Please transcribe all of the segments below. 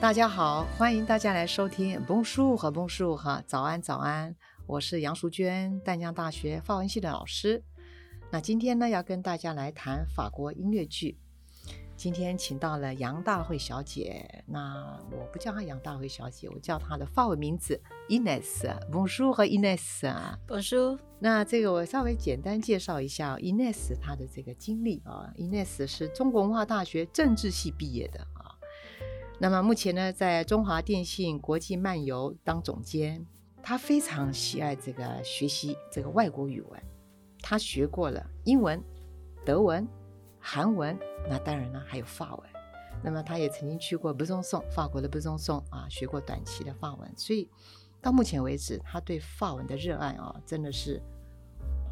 大家好，歡迎大家來收聽《Bonjour 和 Bonjour》哈，早安早安，我是楊淑娟，淡江大學法文系的老師。那今天呢，要跟大家來談法國音樂劇。今天請到了楊大慧小姐，那我不叫她楊大慧小姐，我叫她的法文名字 Inès。Bonjour 和 Inès 啊，Bonjour，那這個我稍微簡單介紹一下 Inès 她的這個經歷啊，Inès 是中國文化大學政治系畢業的。那麼目前呢，在中華電信國際漫遊當總監，他非常喜愛這個學習這個外國語文，他學過了英文、德文、韓文，那當然呢還有法文。那麼他也曾經去過貝桑松，ong, 法國的貝桑松啊，學過短期的法文。所以到目前為止，他對法文的熱愛啊、哦，真的是。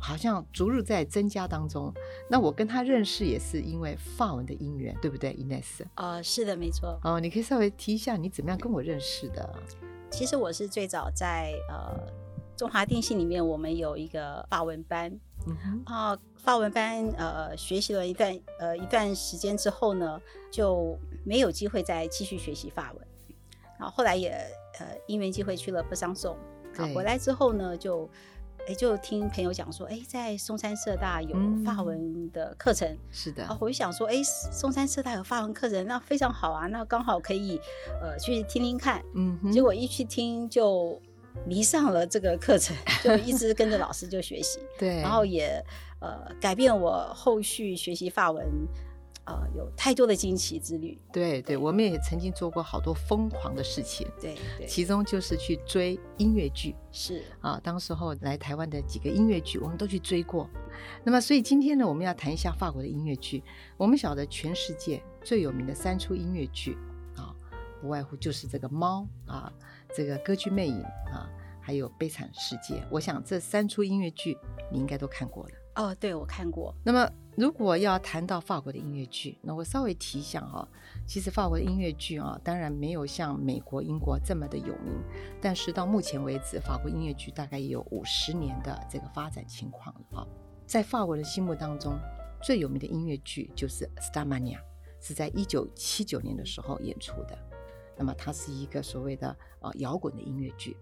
好像逐日在增加當中。那我跟他認識也是因為法文的因緣，對不對，Inès？啊、呃，是的，沒錯。哦，你可以稍微提一下你怎麼樣跟我認識的？其實我是最早在呃中華電信裡面，我們有一個法文班。嗯、哼啊，法文班呃學習了一段呃一段時間之後呢，就沒有機會再繼續學習法文。然後後來也呃因緣機會去了貝桑松，好，回來之後呢就。哎，就聽朋友講說，哎，在松山社大有法文的課程，嗯、是的，我就想說，哎，松山社大有法文課程，那非常好啊，那剛好可以，呃，去聽聽看。嗯哼，結果一去聽就迷上了這個課程，就一直跟着老師就學習， 對，然後也呃改變我後續學習法文。啊、呃，有太多的驚奇之旅。對對，對對，我們也曾經做過好多瘋狂的事情。對對，對對，其中就是去追音樂劇。是啊，當時候來台灣的幾個音樂劇，我們都去追過。對那麼，所以今天呢，我們要談一下法國的音樂劇。我們曉得全世界最有名的三出音樂劇啊，不外乎就是這個《貓》啊，這個《歌劇魅影》啊，還有《悲慘世界》。我想這三出音樂劇你應該都看過了。哦，oh, 對，我看過。那麼，如果要談到法國的音樂劇，那我稍微提一下哈、哦。其實法國的音樂劇啊、哦，當然沒有像美國、英國這麼的有名。但是到目前為止，法國音樂劇大概也有五十年的這個發展情況了啊。在法國人心目當中，最有名的音樂劇就是《Starmania》，是在一九七九年的時候演出的。那麼它是一個所謂的呃搖滾的音樂劇。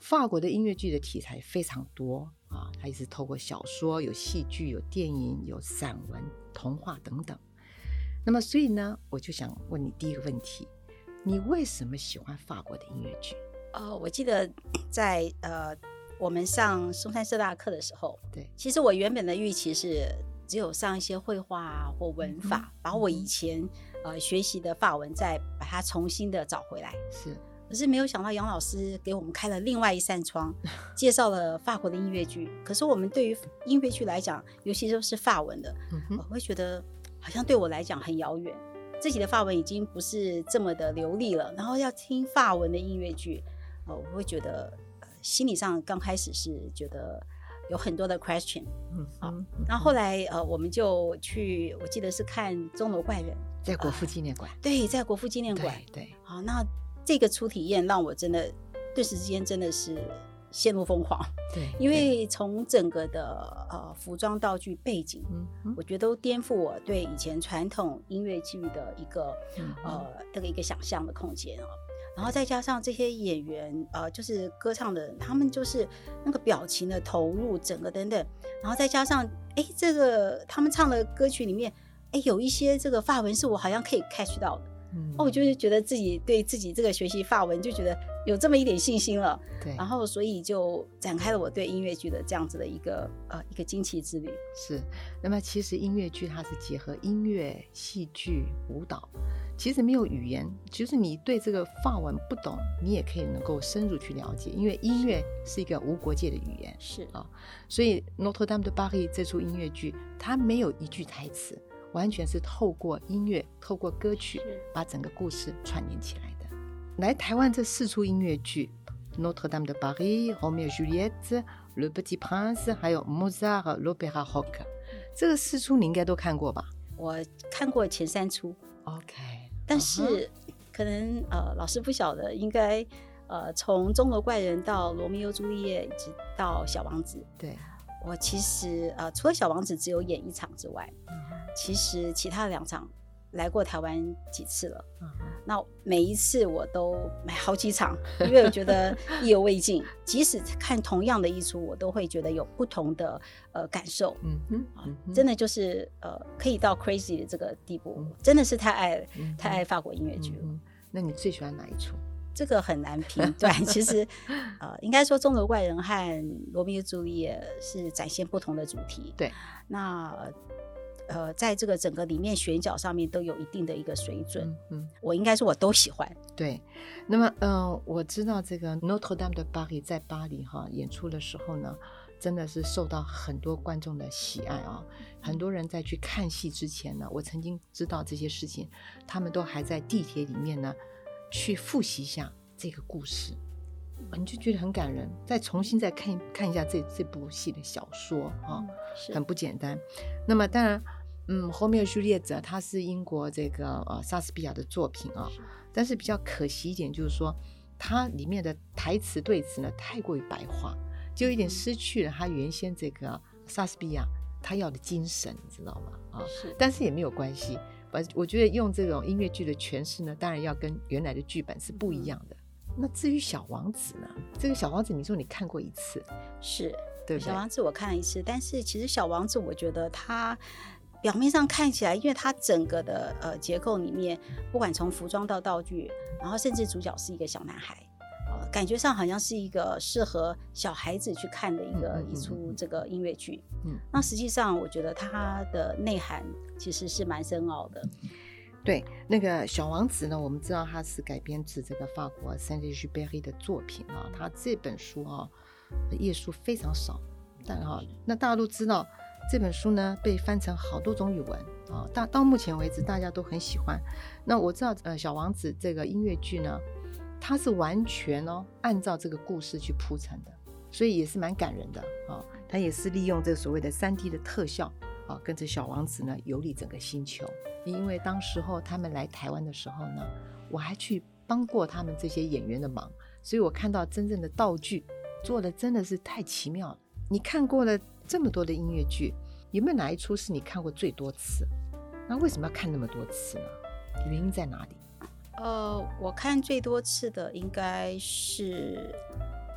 法國的音樂劇的題材非常多。啊，他一直透過小說、有戲劇、有電影、有散文、童話等等。那麼，所以呢，我就想問你第一個問題：你為什麼喜歡法國的音樂劇？哦、呃，我記得在呃，我們上松山社大課的時候，對，其實我原本的預期是只有上一些繪畫或文法，嗯、哼把我以前呃學習的法文再把它重新的找回來。是。可是沒有想到，楊老師給我們開了另外一扇窗，介紹了法國的音樂劇。 可是我們對於音樂劇來講，尤其是是法文的，嗯哼呃、我會覺得好像對我來講很遙遠。自己的法文已經不是這麼的流利了，然後要聽法文的音樂劇、呃，我會覺得、呃、心理上剛開始是覺得有很多的 question。嗯哼，好，然後後來呃，我們就去，我記得是看《鐘樓怪人》在國父紀念館、呃。對，在國父紀念館。對，好，那。這個初體驗讓我真的，頓時之間真的是陷入瘋狂。對，對，因為從整個的呃服裝道具背景，嗯嗯、我覺得都顛覆我對以前傳統音樂劇的一個呃那、嗯嗯、個一個想象的空間，然後再加上這些演員呃，就是歌唱的人他們就是那個表情的投入，整個等等。然後再加上哎，這個他們唱的歌曲裡面，哎有一些這個法文是我好像可以 catch 到的。哦，我、 oh, 就是覺得自己對自己這個學習法文就覺得有這麼一點信心了，對，然後所以就展開了我對音樂劇的這樣子的一個呃一個驚奇之旅。是，那麼其實音樂劇它是結合音樂、戲劇、舞蹈，其實沒有語言，其實你對這個法文不懂，你也可以能夠深入去了解，因為音樂是一個無國界的語言，是啊、哦，所以《Notre Dame de Paris》這出音樂劇它沒有一句台詞。完全是透過音樂、透過歌曲，是把整個故事串聯起來的。來台灣這四出音樂劇，《Notre Dame de Paris》、《Roméo et Juliette》、《Le Petit Prince》，還有《Mozart, l'opéra rock》，嗯，這個四出你應該都看過吧？我看過前三出。OK，但是、uh huh. 可能呃老師不曉得，應該呃從《鐘樓怪人》到《羅密歐與朱麗葉》一直到《小王子》。對。我其實呃除了小王子只有演一場之外，其實其他的兩場來過台灣幾次了。Uh huh. 那每一次我都買好幾場，因為我覺得意猶未盡。 即使看同樣的演出，我都會覺得有不同的、呃、感受。嗯、呃、真的就是、呃、可以到 crazy 的這個地步，uh huh. 真的是太愛、uh huh. 太愛法國音樂劇了。Uh huh. 那你最喜歡哪一出？這個很難評斷，對 其實，呃，應該說《鐘樓怪人》和《羅密歐與茱麗葉》也是展現不同的主題。對，那呃，在這個整個裡面選角上面都有一定的一個水準。嗯，嗯，我應該說我都喜歡。對，那麼，嗯、呃，我知道這個 Not《Notre Dame de Paris》在巴黎哈、哦、演出的時候呢，真的是受到很多觀眾的喜愛啊、哦。很多人在去看戲之前呢，我曾經知道這些事情，他們都還在地鐵裡面呢。去復習一下這個故事，你就覺得很感人。再重新再看一看一下這這部戲的小說啊，哦嗯、很不簡單。那麼當然，嗯，《羅密歐與茱麗葉》他是英國這個呃莎士比亞的作品啊、哦，是但是比較可惜一點就是說，它裡面的台詞對詞呢太過於白話，就有點失去了他原先這個莎士比亞他要的精神，你知道嗎？啊、哦，是，但是也沒有關係。我我覺得用這種音樂劇的詮釋呢，當然要跟原來的劇本是不一樣的。那至於小王子呢，這個小王子，你說你看過一次，是，對不對？小王子我看了一次，但是其實小王子，我覺得他表面上看起來，因為他整個的呃結構裡面，不管從服裝到道具，然後甚至主角是一個小男孩。感覺上好像是一個適合小孩子去看的一個一出這個音樂劇，嗯，嗯嗯，那實際上我覺得它的內涵其實是蠻深奧的、嗯。對，那個小王子呢，我們知道他是改編自這個法國聖修伯里的作品啊、哦，他這本書啊、哦、頁數非常少，但啊、哦，那大家都知道這本書呢被翻成好多種語文啊，大、哦、到目前為止大家都很喜歡。那我知道呃小王子這個音樂劇呢。他是完全哦按照這個故事去鋪陳的，所以也是蠻感人的啊、哦。他也是利用這所謂的 3D 的特效啊、哦，跟着小王子呢遊歷整個星球。因為當時候他們來台灣的時候呢，我還去幫過他們這些演員的忙，所以我看到真正的道具做的真的是太奇妙了。你看過了這麼多的音樂劇，有沒有哪一出是你看過最多次？那為什麼要看那麼多次呢？原因在哪裡？呃，我看最多次的應該是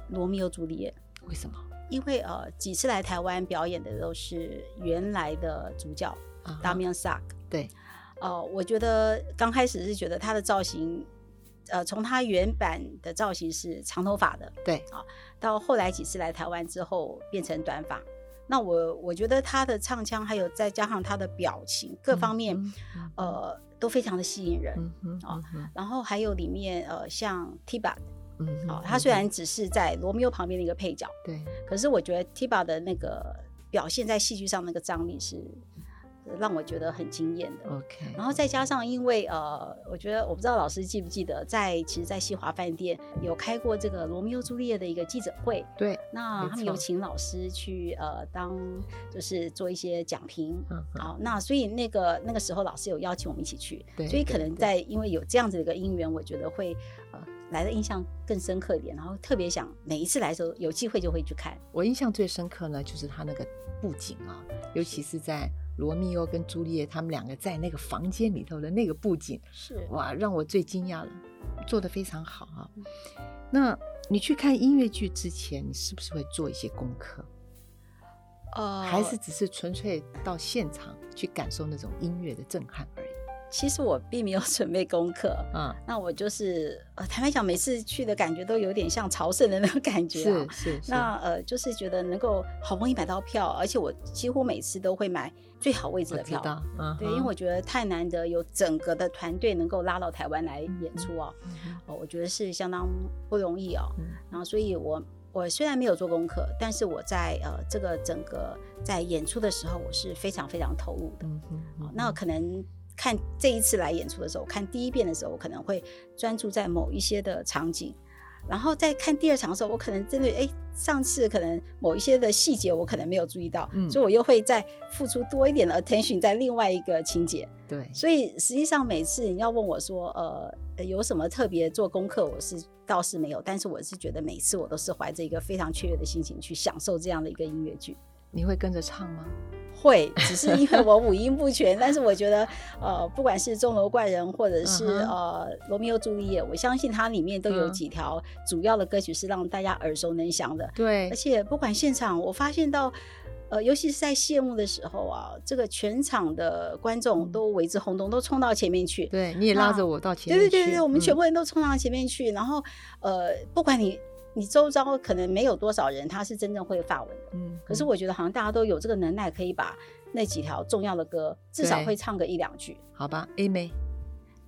羅《羅密歐與朱麗葉》。為什麼？因為呃，幾次來台灣表演的都是原來的主角 Damien、uh huh, Sargue 對、呃，我覺得剛開始是覺得他的造型，呃，從他原版的造型是長頭髮的，對、呃、到後來幾次來台灣之後變成短髮。那我我覺得他的唱腔，還有再加上他的表情、嗯、各方面，嗯嗯、呃。都非常的吸引人啊，然後還有裡面呃，像 Tiba，他雖然只是在羅密歐旁邊的一個配角，對，可是我覺得 Tiba 的那個表現在戲劇上那個張力是。讓我覺得很驚艷的。OK，然後再加上，因為呃，我覺得我不知道老師記不記得在，在其實，在西華飯店有開過這個《羅密歐朱麗葉》的一個記者會。對，那他們有請老師去錯呃當，就是做一些講評。嗯呵，好，啊，那所以那個那個時候老師有邀請我們一起去，對。所以可能在因為有這樣子的一個因緣，我覺得會呃來的印象更深刻一點。然後特別想每一次來的時候有機會就會去看。我印象最深刻呢，就是他那個布景啊，尤其是在是。羅密歐跟朱麗葉，他們兩個在那個房間裡頭的那個布景，是的哇，讓我最驚訝了，做得非常好啊。嗯、那你去看音樂劇之前，你是不是會做一些功課？哦、還是只是純粹到現場去感受那種音樂的震撼而已？其實我並沒有準備功課，嗯，那我就是呃，坦白講，每次去的感覺都有點像朝聖的那種感覺，啊是，是是。那呃，就是覺得能夠好不容易買到票，而且我幾乎每次都會買最好位置的票，啊、對，因為我覺得太難得有整個的團隊能夠拉到台灣來演出，啊嗯嗯、哦，我覺得是相當不容易哦，啊。嗯、然後，所以我我雖然沒有做功課，但是我在呃這個整個在演出的時候，我是非常非常投入的，嗯嗯哦，那可能。看這一次來演出的時候，我看第一遍的時候，我可能會專注在某一些的場景，然後在看第二場的時候，我可能真的哎、欸，上次可能某一些的細節我可能沒有注意到，嗯，所以我又會再付出多一點的 attention 在另外一個情節，對，所以實際上每次你要問我說，呃，有什麼特別做功課，我是倒是沒有，但是我是覺得每次我都是懷着一個非常雀躍的心情去享受這樣的一個音樂劇。你會跟着唱嗎？會，只是因為我五音不全， 但是我覺得，呃，不管是鐘樓怪人，或者是、嗯、哼呃羅密歐朱麗葉，我相信它裡面都有幾條主要的歌曲是讓大家耳熟能詳的。嗯、對，而且不管現場，我發現到，呃、尤其是在謝幕的時候啊，這個全場的觀眾都為之轟動，嗯、都衝到前面去。對，你也拉着我到前面去。對對對對，對，嗯、我們全部人都衝到前面去，然後呃，不管你。你週遭可能沒有多少人，他是真正會法文的。嗯、可是我覺得好像大家都有這個能耐，可以把那幾條重要的歌至少會唱個一兩句，好吧 Aimer,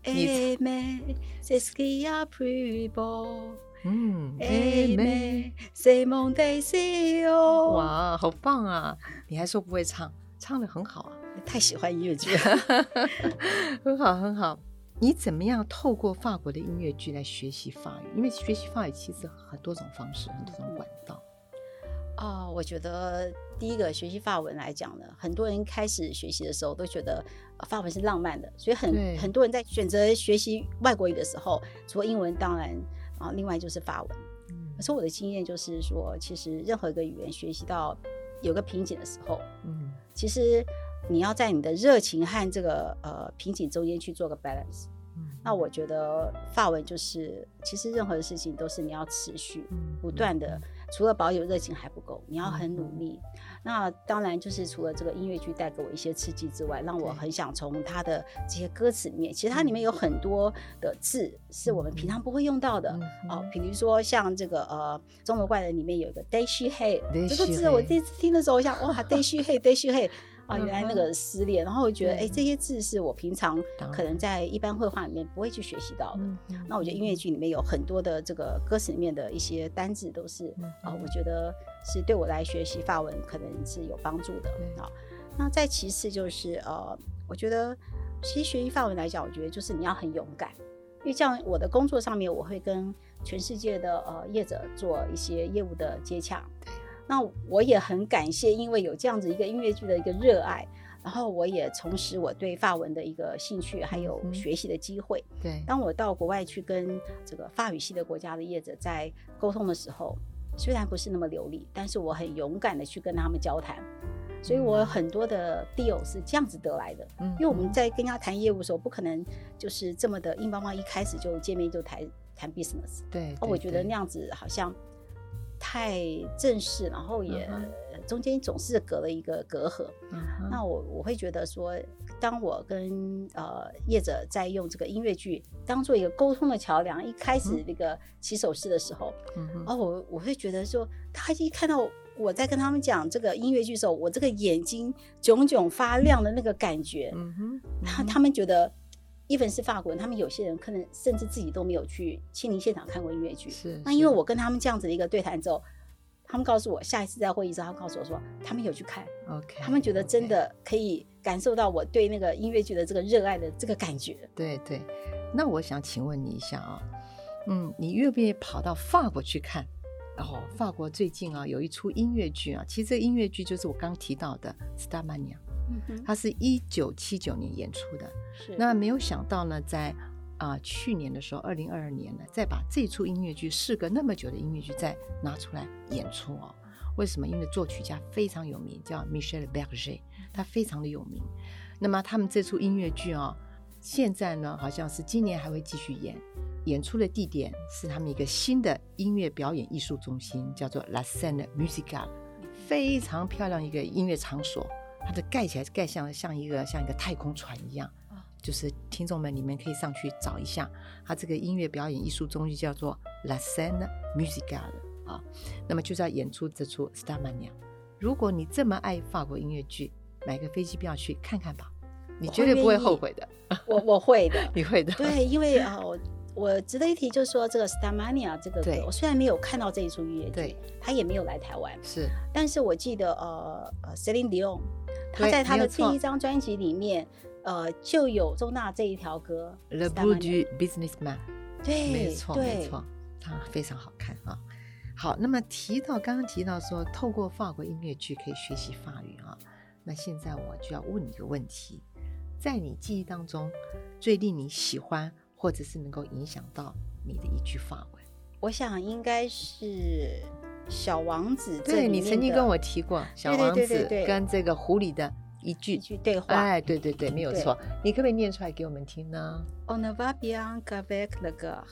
Aimer, c'est ce qu'y a de plus beau，嗯、Aimer, c'est monter si haut 哇，好棒啊！你還說不會唱，唱得很好啊，你太喜歡音樂劇了， 很好，很好。你怎麼樣透過法國的音樂劇來學習法語？因為學習法語其實很多種方式，嗯、很多種管道。啊、哦，我覺得第一個學習法文來講呢，很多人開始學習的時候都覺得法文是浪漫的，所以很對很多人在選擇學習外國語的時候，除了英文，當然啊，然後另外就是法文。嗯。所以我的經驗就是說，其實任何一個語言學習到有個瓶頸的時候，嗯，其實。你要在你的熱情和這個呃瓶頸中間去做個 balance。嗯、那我覺得法文就是，其實任何的事情都是你要持續不斷的，嗯、除了保有熱情還不夠，你要很努力。嗯、那當然就是除了這個音樂劇帶給我一些刺激之外，讓我很想從它的這些歌詞裡面，對其實它裡面有很多的字是我們平常不會用到的哦，比、嗯呃、如說像這個呃《鐘樓怪人》裡面有一個 day she hey，這個字我第一次聽的時候，我想哇 day she hey day she hey 啊，uh huh. 原來那個失戀，然後我覺得哎 Okay.、欸，這些字是我平常可能在一般會話裡面不會去學習到的。Uh huh. 那我覺得音樂劇裡面有很多的這個歌詞裡面的一些單字都是啊、uh huh. 呃，我覺得是對我來學習法文可能是有幫助的。Uh huh. 啊，那再其次就是呃，我覺得其實學習法文來講，我覺得就是你要很勇敢，因為像我的工作上面，我會跟全世界的呃業者做一些業務的接洽。那我也很感謝，因為有這樣子一個音樂劇的一個熱愛，然後我也重拾我對法文的一個興趣，還有學習的機會。嗯、對，當我到國外去跟這個法語系的國家的業者在溝通的時候，雖然不是那麼流利，但是我很勇敢地去跟他們交談，所以我很多的 deal 是這樣子得來的。嗯，因為我們在跟人家談業務的時候，不可能就是這麼的硬邦邦邦，一開始就見面就談談 business。對，那我覺得那樣子好像。太正式，然後也中間總是隔了一個隔閡。Uh huh. 那我我會覺得說，當我跟呃業者在用這個音樂劇當做一個溝通的橋梁，一開始那個起手式的時候，哦、uh，huh. 我我會覺得說，他一看到我在跟他們講這個音樂劇的時候，我這個眼睛炯炯發亮的那個感覺，他們覺得。一部分是法國人，他們有些人可能甚至自己都沒有去親臨現場看過音樂劇。是。是那因為我跟他們這樣子的一個對談之後，他們告訴我，下一次在會議之後，他們告訴我說，他們有去看，OK，他們覺得真的可以感受到我對那個音樂劇的這個熱愛的這個感覺。嗯、對對。那我想請問你一下啊、哦，嗯，你願不願意跑到法國去看？哦，法國最近啊、哦、有一出音樂劇啊，其實這個音樂劇就是我剛提到的《Starmania 嗯、哼，它是一九七九年演出的。是的，那沒有想到呢，在啊、呃、去年的時候，二零二二年呢，再把這出音樂劇，事隔那麼久的音樂劇，再拿出來演出哦。為什麼？因為作曲家非常有名，叫 Michel Berger，他非常的有名。那麼他們這出音樂劇哦，現在呢好像是今年還會繼續演，演出的地點是他們一個新的音樂表演藝術中心，叫做 La Seine Musicale，非常漂亮一個音樂場所。它的蓋起來蓋像像一個像一個太空船一樣、哦、就是聽眾們你們可以上去找一下，它這個音樂表演藝術中心叫做 La Seine Musicale 的、哦、那麼就在演出這出 Starmania。如果你這麼愛法國音樂劇，買個飛機票去看看吧，你絕對不會後悔的。我會我,我會的， 你會的，對，因為啊、呃，我值得一提就是說這個 Starmania 這個歌，對，我雖然沒有看到這一出音樂劇，對，他也沒有來台灣，是，但是我記得呃呃，Celine Dion。對他在他的第一張專輯裡面，呃，就有周娜這一條歌。Le Blues du Businessman，對，沒錯，對沒錯，他非常好看啊、哦。好，那麼提到剛剛提到說，透過法國音樂劇可以學習法語啊、哦。那現在我就要問你一個問題，在你記憶當中，最令你喜歡或者是能夠影響到你的一句法文，我想應該是。小王子，對，你曾經跟我提過小王子跟這個狐狸的一句，一句對話，哎，對對對， 對對對，沒有錯。對你可不可以念出來給我們聽呢？On ne voit bien qu'avec le cœur.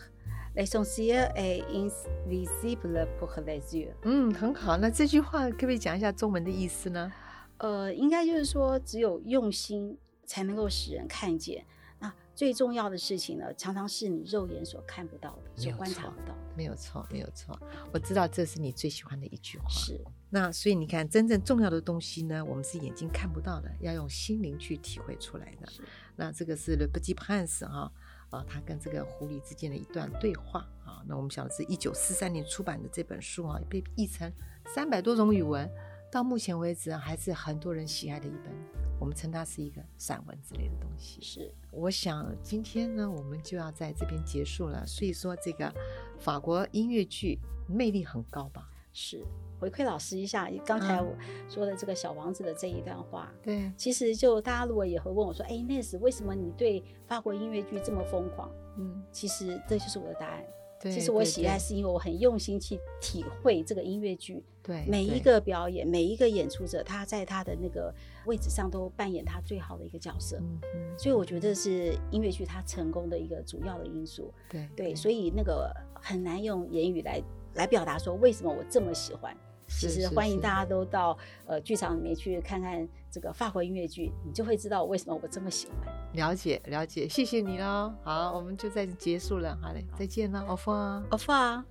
L'essentiel est invisible pour les yeux。嗯，很好。那這句話可不可以講一下中文的意思呢？嗯、呃，應該就是說，只有用心才能夠使人看見。最重要的事情呢，常常是你肉眼所看不到的，所觀察不到。沒有錯，沒有錯。我知道這是你最喜歡的一句話。是。那所以你看，真正重要的東西呢，我們是眼睛看不到的，要用心靈去體會出來的。是。那這個是《Le Petit Prince》哈啊，它、啊、跟這個狐狸之間的一段對話啊。那我們曉得是一九四三年出版的這本書啊，被譯成三百多種語文，到目前為止、啊、還是很多人喜愛的一本。我們稱它是一個散文之類的東西。是，我想今天呢，我們就要在這邊結束了。所以說，這個法國音樂劇魅力很高吧？是，回饋老師一下，剛才我說的這個小王子的這一段話。啊、對，其實就大家如果也會問我說，哎，Ness，為什麼你對法國音樂劇這麼瘋狂？嗯，其實這就是我的答案。對，其實我喜愛是因為我很用心去體會這個音樂劇，對，對每一個表演，每一個演出者，他在他的那個。位置上都扮演他最好的一個角色，嗯嗯、所以我覺得這是音樂劇他成功的一個主要的因素。對對，對，所以那個很難用言語來來表達說為什麼我這麼喜歡。其實歡迎大家都到呃劇場裡面去看看這個法國音樂劇，你就會知道為什麼我這麼喜歡。了解了解，謝謝你哦。好，我們就在這結束了。好嘞，好再見了，阿峰 f 阿啊。